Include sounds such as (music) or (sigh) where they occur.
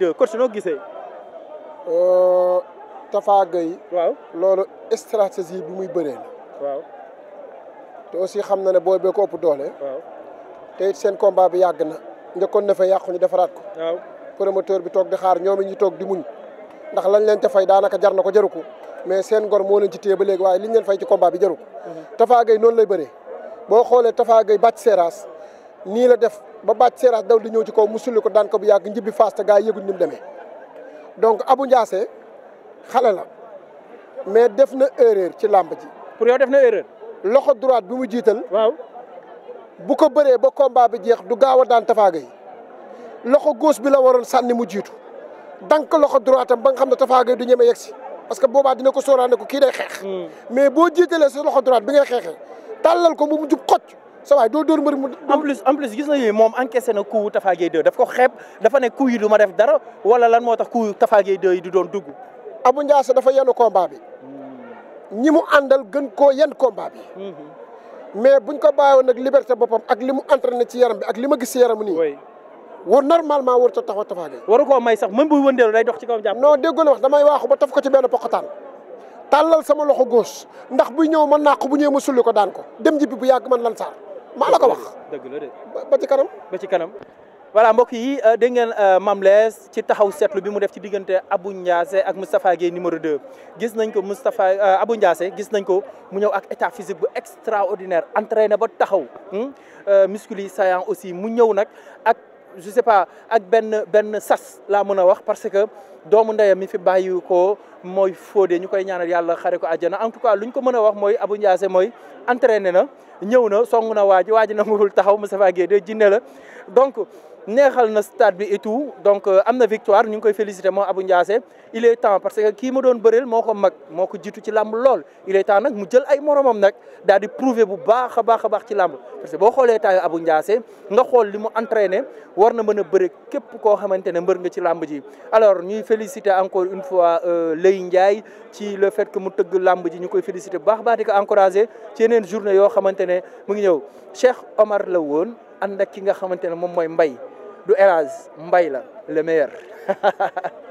2 coach noo gisee. Euh, Tafa Gueye. waaw loolu stratégie bi muy bëree la. te aussi xam na ne boo bee ko ëpp doole. waaw te it seen combat bi yàgg na njëkkoon na fa yàqu ñu defaraat ko. waaw promoteur bi toog di xaar ñoom it ñu toog di muñ ndax lañ leen ca fay daanaka jar na ko jaru ko mais seen ngor moo leen ci téye ba léegi waaye liñ leen fay ci combat bi jaru ko. Mhm. Tafa Gueye noonu lay bëree boo xoolee Tafa Gueye bàcc seeraas. nii la def ba bàcc seeraas daw di ñëw ci kaw mu sulli ko daan ko bu yàgg njibbi faas te gaa yëguñ ni mu demee donc abu Ndiassé xale la mais def na erreur ci làmb ji. pour yow def na erreur. loxo droite bi mu jiital. bu ko bëree ba combat bi jeex du gaaw a daan tafaaga yi loxo goos bi la waroon sànni mu jiitu dank loxo droite am ba nga xam ne tafaaga yi du ñeme si parce que boobaa dina ko sóoraane ko kii day xeex. Hmm. mais boo jiitalee sa loxo droite bi ngay xeexee tàllal ko mu jub xocc. sa waay doo dóor mbër mu. en plus en plus gis nañu moom encaissé na coup Tafa Gueye 2 daf ko xeeb dafa ne coup yi du ma def dara wala lan moo tax ku Tafa Gueye 2 yi du doon dugg. Abou Ndiassé dafa yenn combat bi ñi mu àndal gën koo yenn combat bi. Hmm. mais buñ ko bàyyiwoon nag liberté boppam ak li mu entraîné ci yaram bi ak li ma gis ci yaramu nii. war normalement warut a taxaw Tafa Gueye. waru koo may sax même buy wëndeelu day dox ci kaw jàpp. noo déggoo la wax damay waaxu ba taf ko ci benn poqataan. tàllal sama loxo góos ndax buy ñëw ma nàq bu ñëwee ma sulli ko daan ko dem jibbi bu yàgg man lan saar maa la ko wax. dëgg la de ba ci kanam. ba ci kanam voilà mbokk yi euh, dégg ngeen euh, Mame ci taxaw seetlu bi mu def ci diggante Abou Ndiassé ak Moustapha Guèye numéro 2. gis nañ ko Moustapha euh, abu Ndiassé gis nañ ko mu ñëw ak état physique bu extraordinaire entraîné ba taxaw hmm? musculi saillant aussi mu ñëw nag ak. je sais pas ak benn benn sas laa mën a wax parce que doomu ndeyam mi fi bàyyi ko mooy Fodé ñu koy ñaanal yàlla xare ko àjjana en tout cas lu ñu ko mën a wax mooy Abou Ndiassé mooy entraîné na ñëw na song na waa ji waa ji nanguwul taxaw Moustapha Guèye de jinne la donc neexal na stade bi et donc euh, am na victoire ñu ngi koy féliciter moom abu Ndiassé il est temps parce que kii ma doon bëreel moo ko mag moo ko jiitu ci làmb lool il est temps nag mu jël ay moromam nag daal di prouver bu baax a baax a baax ci làmb parce que boo xoolee taayu abu Ndiassé nga xool li mu entraîné war na mën a bëre képp koo xamante ne mbër nga ci làmb ji alors ñuy féliciter encore une fois euh, Lay Ndiaye ci le fait que mu tëgg làmb ji ñu koy féliciter bu baax a di ko encourager ci yeneen yoo xamante ne mu ngi ñëw Cheikh Omar la woon ànd ak ki nga xamante ne moom mooy mbay du Elage mbay la le meilleur (laughs)